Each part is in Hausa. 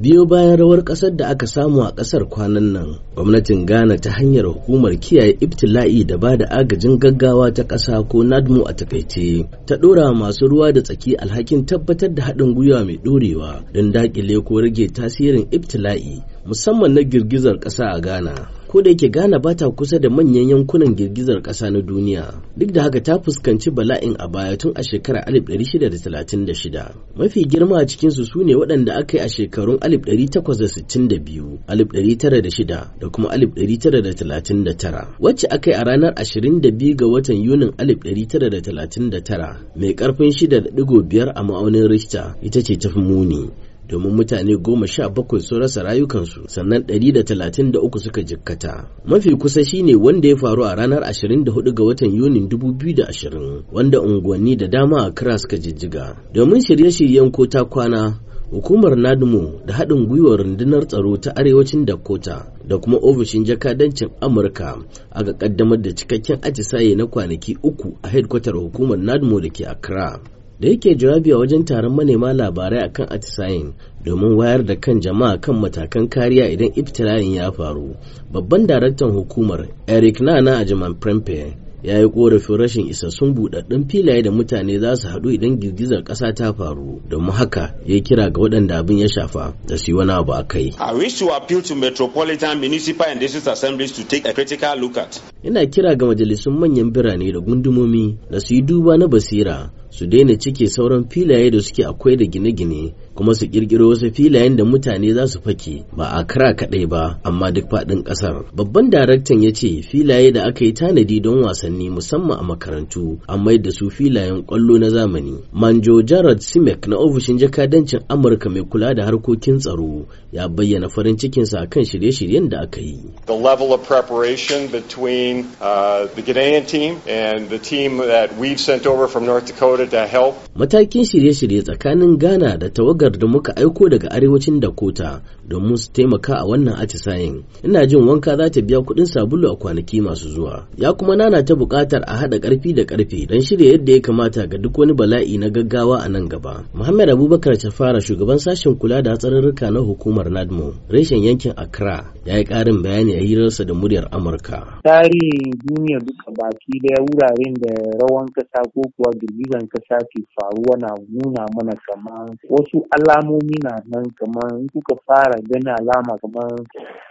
biyo bayan rawar kasar da aka samu a kasar kwanan nan gwamnatin ghana ta hanyar hukumar kiyaye ibtila'i da ba da agajin gaggawa ta ƙasa ko nadmu a takaice ta ɗora masu ruwa da tsaki alhakin tabbatar da haɗin gwiwa mai ɗorewa don daƙile ko rage tasirin ibtila'i musamman na girgizar ƙasa a ghana ko da yake Ghana ba ta kusa da manyan yankunan girgizar ƙasa na duniya duk da haka ta fuskanci bala'in a baya tun a shekarar 1636 mafi girma a cikinsu su ne waɗanda aka yi a shekarun 1862 1906 da kuma 1939 wacce aka yi a ranar 22 ga watan yunin 1939 mai ƙarfin 6.5 a ma'aunin richter ita ce tafi muni domin mutane goma sha bakwai sun rasa rayukansu sannan ɗari da talatin da uku suka jikkata mafi kusa shi ne wanda ya faru a ranar 24 ga watan yunin 2020 wanda unguwanni da dama a kira suka jijjiga domin shirye-shiryen ko ta kwana hukumar nadmo da haɗin gwiwar rundunar tsaro ta arewacin dakota da kuma ofishin jakadancin amurka aka ƙaddamar da cikakken atisaye na kwanaki uku a hedkwatar hukumar nadmo da ke accra da yake jawabi a wajen taron manema labarai akan atisayin domin wayar da kan jama'a kan matakan kariya idan iftila'in ya faru babban daraktan hukumar eric nana a jaman prempe ya yi korafin rashin isassun buɗaɗɗun filaye da mutane za su haɗu idan girgizar ƙasa ta faru domin haka ya kira ga waɗanda abin ya shafa da su yi wani abu a kai. I wish to appeal to Metropolitan Municipal and District Assemblies to take a critical look at Ina kira ga majalisun manyan birane da gundumomi da su yi duba na basira su daina cike sauran filaye da suke akwai da gine-gine kuma su kirkiro wasu filayen da mutane za su fake ba a kara kaɗai ba amma duk faɗin ƙasar babban daraktan ya ce filaye da aka yi tanadi don wasanni musamman a makarantu an mai da su filayen ƙwallo na zamani manjo jared simek na ofishin jakadancin amurka mai kula da harkokin tsaro ya bayyana farin cikinsa kan shirye-shiryen da aka yi the level preparation between between uh, the Ghanaian team and the team that we've sent over from North Dakota to help. Matakin shirye-shirye tsakanin Ghana da tawagar da muka aiko daga arewacin Dakota domin su taimaka a wannan atisayin Ina jin wanka za ta biya kuɗin sabulu a kwanaki masu zuwa. Ya kuma nana ta bukatar a haɗa ƙarfi da ƙarfi don shirya yadda ya kamata ga duk wani bala'i na gaggawa a nan gaba. Muhammad Abubakar Tafara shugaban sashen kula da hatsarurruka na hukumar NADMO reshen yankin Accra ya yi ƙarin bayani a hirarsa da muryar Amurka. Tari ce duniya duka baki daya wuraren da rawan kasa ko kuwa girgizan kasa ke faruwa na nuna mana kamar wasu alamomi na nan kamar in kuka fara gani alama kamar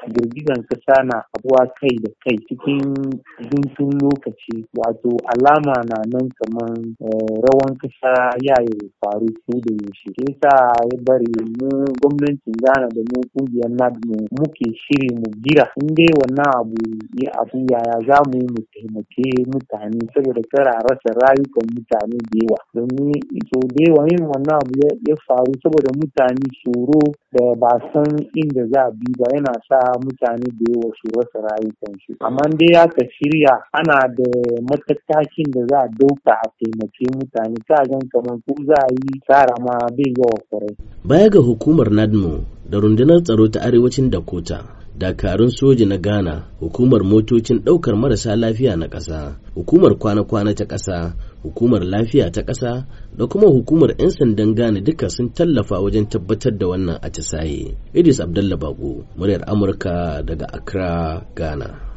girgizan kasa na abuwa kai da kai cikin guntun lokaci wato alama na nan kamar eh, rawan kasa ya yi faru ko da yaushe shi yasa ya bari mu gwamnatin Ghana da mu kungiyar NAD muke shiri mu gira in dai wannan abu ya abu yaya za mu yi mu taimake mutane saboda kar a rasa rayukan mutane da yawa domin so da yawa yin wannan abu ya faru saboda mutane tsoro da ba san inda za a bi ba yana sa mutane da yawa su rasa rayukan su amma dai aka shirya ana da matattakin da za a dauka a taimake mutane ka gan kamar ko za a yi tsara ma bai yawa kwarai baya ga hukumar nadmo da rundunar tsaro ta arewacin dakota dakarun soji na ghana hukumar motocin daukar marasa lafiya na ƙasa hukumar kwana-kwana ta ƙasa hukumar lafiya ta ƙasa da kuma hukumar 'yan sandan ghana duka sun tallafa wajen tabbatar da wannan atisaye idris abdallah muryar amurka daga accra ghana